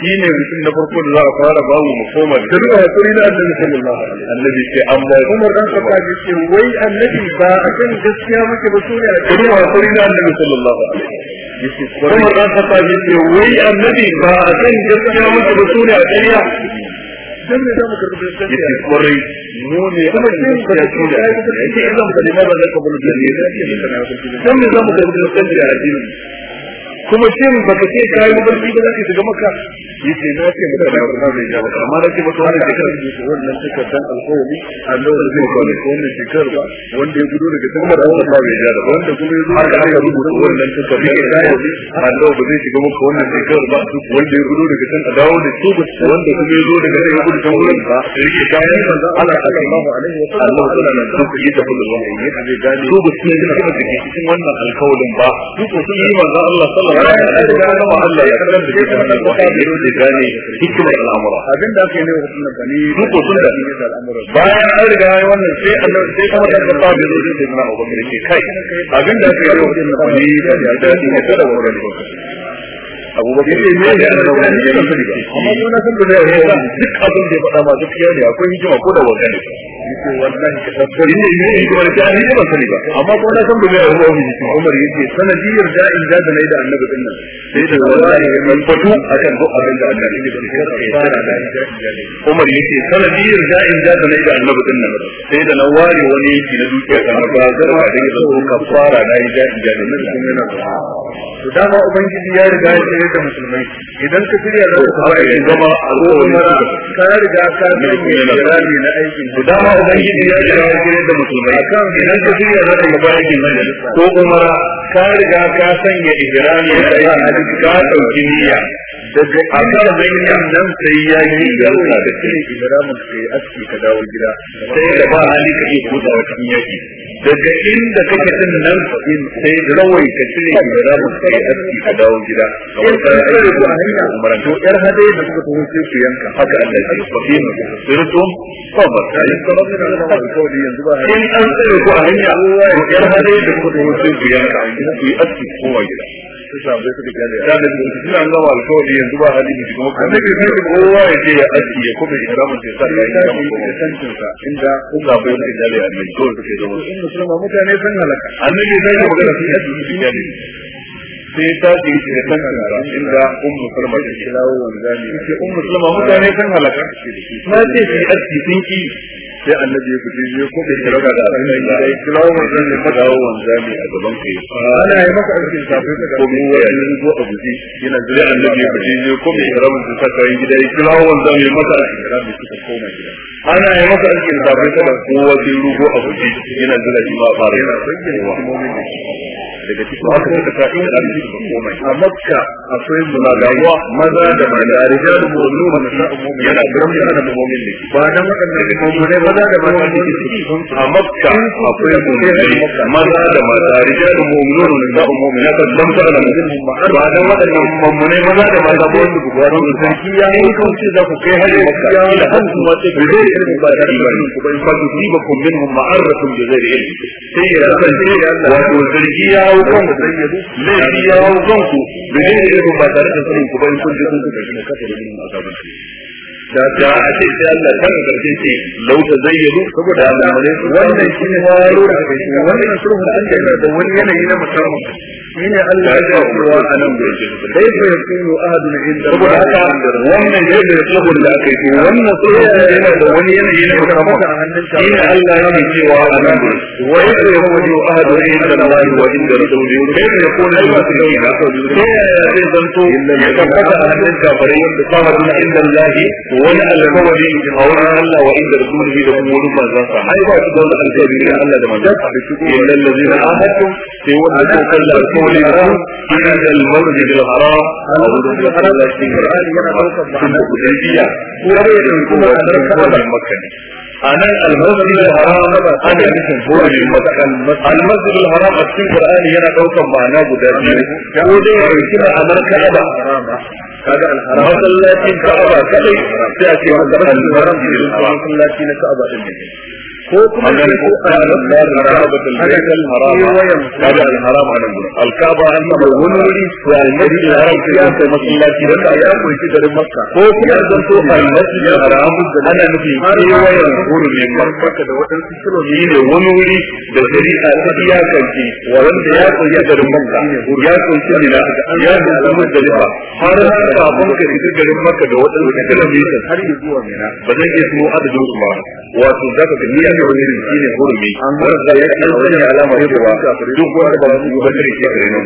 shi ne na farko da za a fara ba mu koma da duka hakuri na annabi sallallahu alaihi wasallam annabi ce amma Umar dan Khattab ce wai annabi ba a kan gaskiya muke ba sune a cikin hakuri na annabi sallallahu alaihi wasallam Umar dan Khattab ce wai annabi ba a kan gaskiya muke ba sune a ƙarya dan ne da mu karbi gaskiya ce kwarai mu ne kuma ne da shi da yake idan kalima ba da kabulu da ne dan ne za mu karbi gaskiya a cikin kuma shin baka ce kai barci ba za shiga makka yace na ce maka da ba zai ja maka amma nake ne wannan shekar da wannan shekar dan alƙawari Allah da zai kawo ko wannan shekar ba wanda ya gudu daga cikin da wannan ba zai ja ba wanda kuma ya zo da aka rubuta wannan shekar da alƙawari Allah ba zai shiga maka wannan shekar ba wanda ya gudu daga cikin dawo da shi wanda kuma ya zo daga sama gudu kan wurin ba yake kayan manzo Allah sallallahu alaihi wa sallam Allah ta'ala na ku yi tafullu wa yake zai gane su ba su ne da cikin wannan alƙawarin ba su ko sun Allah sallallahu bayan ya kaddar da shi kan alwahi ne da gane abin da aka yi ne wa sunna bani duk sun da bayan an riga yi wannan sai Allah sai kuma da ta da zai sai na Abu Bakar ke kai abin da aka yi ne wa sunna bani da da shi ne da wannan Abu Bakar ne ne da wannan ne da shi amma yana san da ya duk abin da ya faɗa ma duk ne akwai hikima ko da wannan yake wallahi ka tabbata ne ne ne ko da ni ba sani ba amma ko na san dubai Abu Bakar yake Umar yake sanadiyar da in da nayi da annabi din nan sai da wallahi mun fatu akan ko abin da aka yi da Umar yake sanadiyar da in da nayi da annabi din nan sai da na ware wani yake na dukiya kan ba zarwa da yake so kafara da yi da da nan kuma yana to dama ubangiji ya riga ya tsere da musulmai idan ka shirya da ka fara zama a ruwan ka riga ka sanya rami na aikin to dama ubangiji ya ce ya kire da musulmai idan ka shirya za ka gaba aikin nan ko umara ka riga ka sanya ibrahim da aikin ka dauki niyya daga akar bayan nan sai ya yi da da cikin ibrahim sai aski ka dawo gida sai da ba hali ka iya kudawa cikin yaki daga inda kake din nan in sai rawai ka cire gida ba sai aski ka dawo gida kamar sai ai ko hanya umaran to yar hadai da kuka tafi sai ku yanka haka Allah ya ce fi mu sirtu sabar sai ka ba da alƙawari yanzu ba in an tsare ku a hanya yar hadai da kuka tafi sai ku yanka ku yi aski kowa gida su sabai kyale ya da su suna zama alkawari yanzu ba hali shi kuma kan zai kai kowa ya je ya aski ya kuma ya samu sai sa ya samu kuma sancin sa inda su sabai kyale ya mai dole suke zama in musulma mutane sun halaka annabi sai ya magana sai ya su su kyale sai ta ce ya san sa inda ummu salma ta kirawo wanda ne ce ummu salma mutane sun halaka na ce aski sun ki sai annabi ya fice ya ko bai kira da abin da ya yi kirawo wannan ne wanzami a gaban kai ana yi maka aikin safi da ko mu ya yi ko a guji yana jira annabi ya fice ya ko bai kira da ta kai gida ya kirawo wanzami maka aikin da suka koma gida ana yi masa aiki da zafin kada kowa sai rugo a guje yana jira shi ba fara yana daga cikin haka suka sa in da shi ba komai a makka maza da mata yana yana da ne ba maza da mata ne a makka akwai maza da mata ba maza da mata ya yi ku kai hari makka علم فاتيبني وإن فتصيبكم منهم معرة بغير علم sai ya kasance wato zargi ya hau kanku laifi ya hau kanku bigin ilimin ba tare da sanin ku ba in kun ji kun kasance na kasa da ilimin azabin da ta a ce sai Allah kan karshe ce lau ta zayyano saboda Allah ne wannan shi ne faro da kashi wannan sulhun an da da wani yanayi na musamman shi ne Allah ya ga kowa a nan gurin sai fa yakunu ahadun inda saboda haka wannan ne da sulhun da aka yi wannan sulhun da yana da wani yanayi na musamman shi ne Allah ya cewa a nan gurin wa yadda ya kuma jiwa ahadun inda Allah wa inda rasuluhu kai ne ko ne ba su yi na sai ya zai zanto ya tabbata a hannun kafirai wanda sahabin inda Allah wani alkawari a wurin Allah wa inda rasulihi da kuma wurin manzansa ai ba shi da wani alkawari ne Allah da manzansa da shi ko illal ladina ahadu sai wanda ko kallar kawari da su inda al-masjid al-haram a wurin da Allah shi Qur'ani yana daukar ma'ana kudaiya ko da kuma sarkawa makka ne anan al-masjid al-haram ana nufin kawari makka al-masjid al-haram a cikin Qur'ani yana daukar ma'ana guda biyu ko dai ya rubuta ma'anar Ka'aba kaga al-haram masallacin Ka'aba kadai sai a ce masa albaran da kuma kullaci na ka'aba din ne ko kuma shi ko al-haram anan gurin al-kaaba an ba wani wuri al-masjid al-haram ya kai masallaci da ya koyi shi makka ko kuma zan to al-masjid al-haram ana nufi kewayen gurin makka da wadansu kilomita ne wani wuri da shari'a ta iyakance wanda ya koyi garin makka ya koyi ne ya koyi muzdalifa har ka shiga garin makka da wadansu kilomita har zuwa mina ba zai iya adadin su ba wato za ka gani yadda wani irin shi ne hurumi wanda ya ce wani alama cewa duk wanda ba su yi wani irin shi ne nan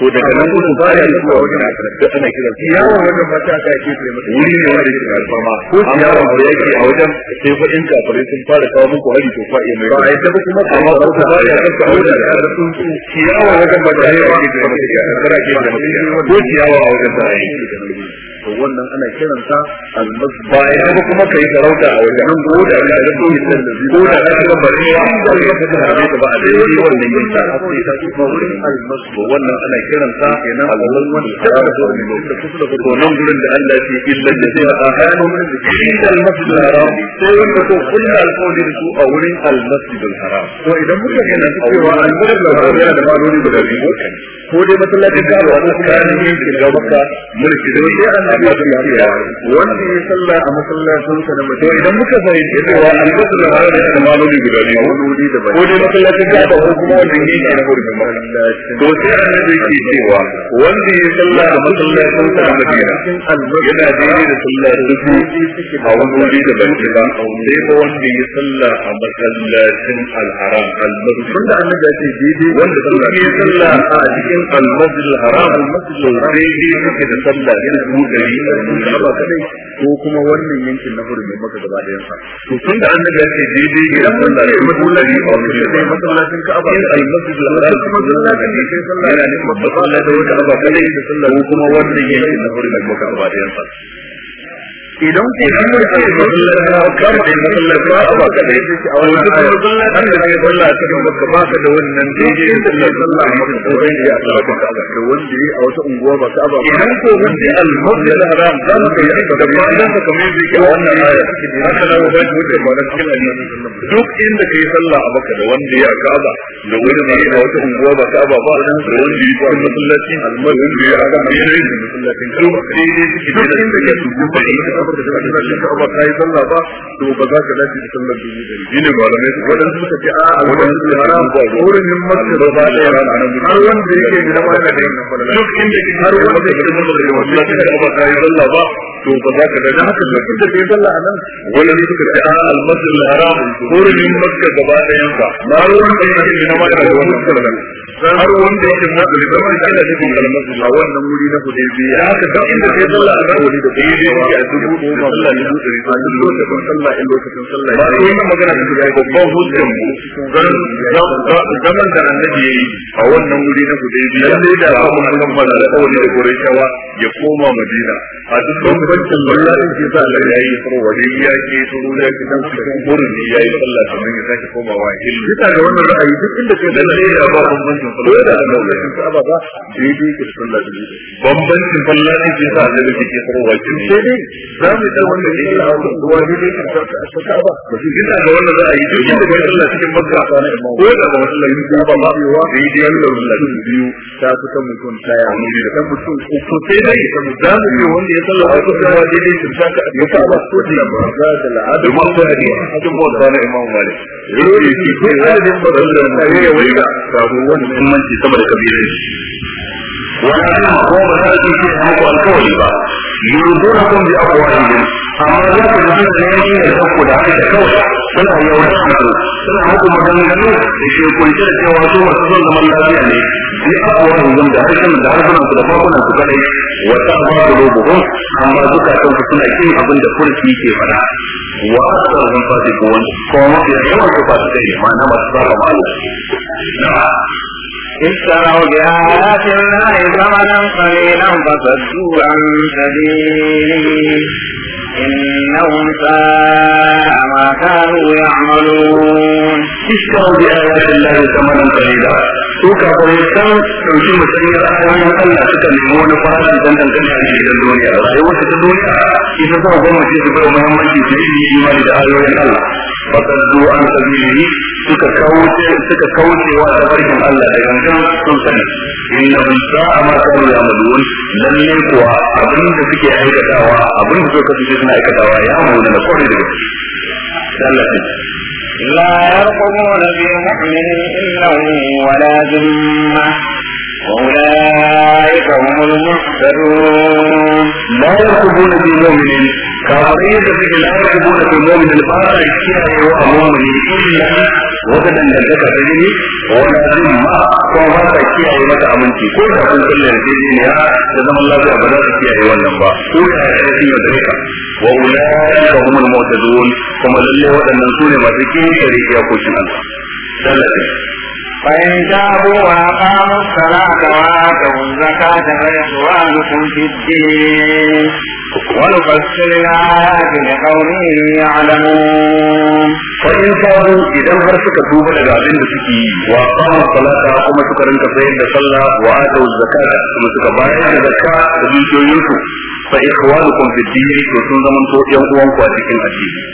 to daga nan gudun ba ya yi zuwa wajen akira da ana kira shi yawon wajen mata ka ke kire mata wuri ne wanda ke alfama ko shi yawon da yake a wajen sai fa kafare sun fara kawo muku hari to fa mai ba a yi tabbata kuma amma ba su ba ya kanka wajen da ya sun shi yawon wajen mata ya yi wani da ya ke kire kira ko shi yawon a wajen da yi to wannan ana kiransa bayan ko kuma kai sarauta a wajen nan ko da ya ko yi ko da ya da ba a da yi wannan yin ta ko ya tafi wannan ana kiransa yana Allah wani sarauta ko ne ko da ko nan gurin da Allah ke illa da sai a hanu min almasbu haram sai wanda ko kullu alqawli su a wurin haram to idan muka yana cewa haram yana da maloli guda biyu ko dai masallacin kaba ko kayan yankin ga maka mulki da wani an nabi da lafiya wanda ya salla a masallacin sa na mutum idan muka fahimci cewa al-masjid da harami da maloli guda biyu ko dai masallacin kaba ko kuma wani yake na gurbin masallaci to sai annabi yake cewa wanda ya salla a masallacin sa na madina yana daidai da sallah dubu a wani wuri da ban ba sai ko wanda ya salla a masallacin al-haram al-masjid da annabi ya ce daidai wanda ya salla a cikin cikin almasjid al-haram almasjid al-haram dai kake da sallah yana dubu dari da kadai ko kuma wannan yankin na hurin maka gaba ɗayan sa to tun da annabi ya ce daidai ga sallah da dubu dari ba ku sai masallacin Ka'aba da almasjid al-haram kuma masallacin da ke sallah yana ne masallacin da wata Allah kadai da sallah ko kuma wannan yankin na hurin maka gaba ɗayan sa idan ku yi mu da masallaci da a wani ayar an da kai cikin baka ba ka da wannan daidai sallah sallah maka tsoron ya Allah ka ka da wanda yi a wata unguwa ba ka ba idan wanda ka yi da dan ka kamar yadda ke wannan ayar haka da ba ku da ba cikin annabi duk inda sallah a baka da wanda ya ka ba da wanda yi a wata unguwa ba ka ba ba da wanda yi ba tabbatar da ka ba kai sallah ba to ba za ka dace da sallar dubu da shi ne malamai wadan suka ce a wadan haram wurin ba da wanda yake da duk inda ke har wanda da da ba kai sallah ba to ba za ka dace haka sallah suka ce a al haram wurin da wanda yake da har wanda yake musulmi kamar kina cikin kalmar a wannan wuri na hudaybiya haka duk inda kai sallah a wuri da kai dai a dubu goma sallah ne dubu dari sai lokacin sallah in lokacin sallah ba sai wannan magana da kai babban hujjan garin zaman da annabi yayi a wannan wuri na hudaybiya sai da kuma Allah fara da kawai da Qurayshawa ya koma Madina a duk lokacin sallah in ji sa Allah yayi suru wadiya ke suru da kan gurin yayi sallah sannan ya sake komawa ilmi bisa ga wannan ra'ayi duk inda kai da ne ba aikin sallah da Allah ya Ka'aba ba sai ke sallah da bambancin sallah ne ke sa ke ke sai dai za mu da ne ta ta Ka'aba ba shi ina da wannan za a yi duk da ga Allah cikin Makka ko da ga Allah yin Ka'aba ba da yi da Allah biyu ta fi ta mutum daya ne da ta mutum uku sai dai za mu ce wanda ya sallah a cikin duwa dai ta ta ya ta ko da ba za da al'ada ma ta ne cikin Makka na Imam Malik. Yau ne ke kai da ba da wani da waiga kafin muhimmanci saboda kabilanci wala ana ko ba za su ce muku alkawari ba yurduna kun bi amma za ku ji ne ne da da haka kawai suna yawan suna da da cewa su masu zaman lafiya ne bi afwahihim da harshen da harsunan su da bakunan su kadai wa amma suna kin abin da kurki ke fada wa mafi yawan su fasikai masu malu اشتروا بآيات الله ثمنا قليلا فصدوا عن سبيله إنهم ساء ما كانوا يعملون اشتروا بآيات الله ثمنا قليلا سوكا قريشان تمشي مسلمين أحوالي مثلا تكلمون فرحا جدا تنشي في الدنيا الغيوة في الدنيا إذا كان هو مشيء في الدنيا ومهمة في الدنيا لإيمان الله فصدوا عن سبيله suka kauce suka kauce wa tabarkin Allah da gangan sun sani innahum sa'a ma kanu ya'malun lalle kuwa abin da suke aikatawa abin da suka fice suna aikatawa ya mu da kore da gaske لا يرقبون في مؤمن إلا ولا ذمة وأولئك هم المحسنون لا يرقبون في مؤمن كافرين لا يرقبون في مؤمن فاسق كيف هو مؤمن إلا wata dangantaka ta jini wani ma ko ba ta kiyaye mata aminci ko da kun kulle da jini ya da zaman lafiya ba za ta kiyaye wannan ba ko da ya yi sun yaudare ka wa ulai ka humul mu'tadun kuma lalle waɗannan su ne masu kiyaye shari'a ko shin Allah فإن تابوا وأقاموا الصلاة وآتوا الزكاة فإخوانكم في الدين ونفسر الآيات لقوم يعلمون فإن تابوا إذا فرسك توبة إلى أبن سكي وأقاموا الصلاة كما تكرنك سيد صلى وآتوا الزكاة كما تكبايا الزكاة تبيتوا يوسف فإخوانكم في الدين وسنزمن صوت يوم وانكوا أتكين أتكين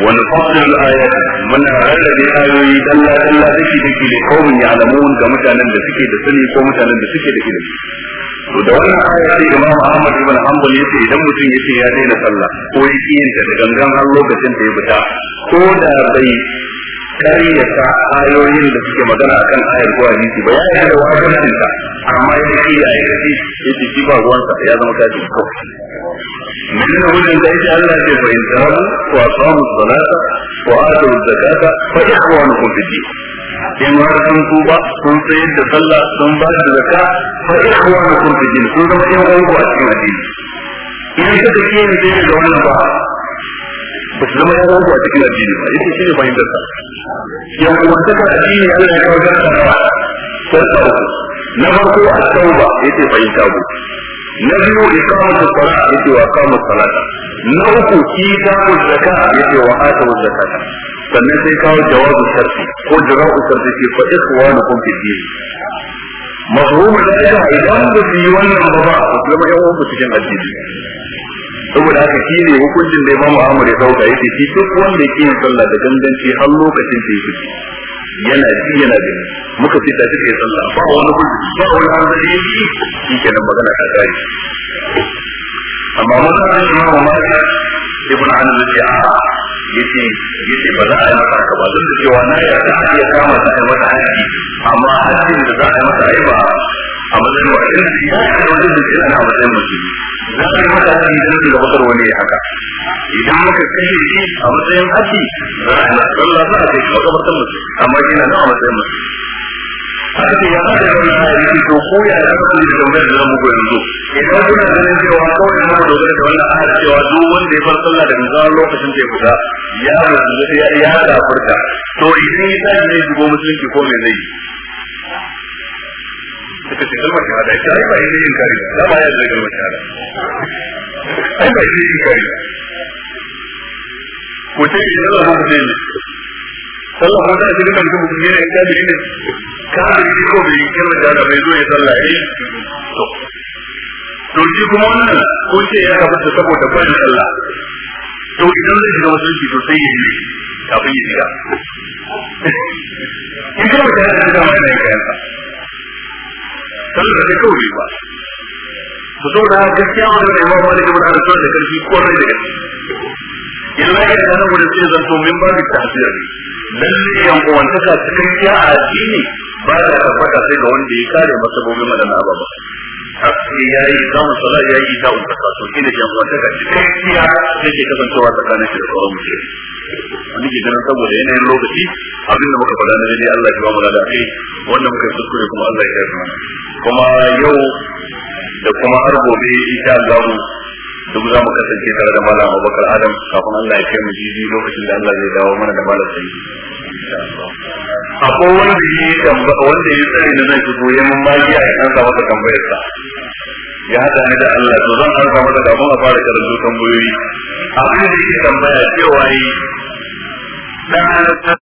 ونفصل الآيات من أعلم آيوي دلا دلا دكي دكي لقوم يعلمون كمتانا دسكي دسني كمتانا دسكي دكي دكي to da wannan aya sai Imam Ahmad ibn Hanbal yace idan mutum yace ya daina sallah ko yake yin ta da gangan har lokacin da ya fita ko da bai karyata ayoyin da suke magana akan ayar ko hadisi ba ya yi da wajibin ta amma ya ce ya yi kashi ya ce ba ruwansa ya zama kashi kawai menene hujjan da yake Allah ke fahimta wa samu salata wa atu zakata fa ikhwanukum fi din in har sun ba sun sayar da sallah sun ba da zakka fa ikhwanukum fi din sun zama yan uwanku a cikin addini in suka kiyaye da wannan ba ba su zama yaran a cikin addini ba yake shi ne fahimtar sa yan kuma saka addini Allah ya a da ta ba sai na farko a tauba yake fahimta ku na biyu iqamatu salat yake wa qamu salata na uku ki ta kitabu zakat yake wa atu zakata sannan sai kawo jawabu sharfi ko jawabu sharfi ke fa ikhwanukum fi din mafhumu da ita idan ba su yi wannan ba ba su zama yan uwan cikin addini saboda haka shi ne hukuncin da ya bamu amuri ya dauka yake shi duk wanda yake yin sallah da ganganci har lokacin da yake yana ji yana da muka fi da take sallah ba wani hukunci ba wani hanzari shi ke nan magana ta gari amma mun san shi ma ma ya an Anas ya yake yake ba za a yi masa haka ba duk da cewa na ya ta iya kama ta yi wata haji amma hajjin da za a yi masa ai ba a matsayin wa irin da ya yi wani da yana a matsayin musulmi za a yi masa haji don su gabatar wani ya haka idan muka kashe shi a matsayin haji za a yi masa za a kai shi makabartar musu amma shi na nan a matsayin musu aka ce ya hada da wani hali ke to ko ya da kuma da tambayar da zamu goyi zo idan kuna ganin cewa kawai na da dogara da wannan ahad cewa duk wanda ya bar sallah da zan lokacin da ya fita ya ya ya kafirta to idan ya tashi ne shigo musulunci ko me zai yi suka ce kalmar shahada ita ai ba yi yin kari ba da ba ya da kalmar shahada ai ba yi yin kari ba ko ce ki Allah ha da ni sallah wanda a cikin kanku mutum yana yin kari ne kari ne ko bai yi kalmar shahada bai zo ya sallah ne eh? to to shi kuma wannan ko ce ya tabbata saboda ba ni Allah to idan zai shiga musulunci to sai ya yi kafin ya shiga in kuma ta yi da mai da kayan sallar da kawai bai ba su zo da gaskiya wani da imamu malik ibn anas da karfi ko rai da gaske yanzu ya ga nan wurin sai zanto min ba da tafsir lalle yan uwan ta cikakkiya a addini ba da tabbata sai ga wanda ya kare masa gobe madana ba ba hakki ya yi zaman sala ya yi da un kasa so shine yan wata ga cikakkiya yake kasancewa tsakanin shi da sauran mutum wani ke ganin saboda yanayin lokaci abinda muka faɗa na dai Allah ya ba mu da kai eh, wanda muka yi kuskure kuma Allah ya yi kuma yau da kuma har gobe insha Allah duk za mu kasance tare da malam abubakar adam kafin allah ya kai mu jiji lokacin da allah zai dawo mana da malam sai akwai wanda ya yi wanda yi tsari na zai fito ya mun magiya ya kansa masa tambayar sa ya hada ni da allah to zan kansa masa kafin a fara karatu tambayoyi abin da yake tambaya cewa yi dan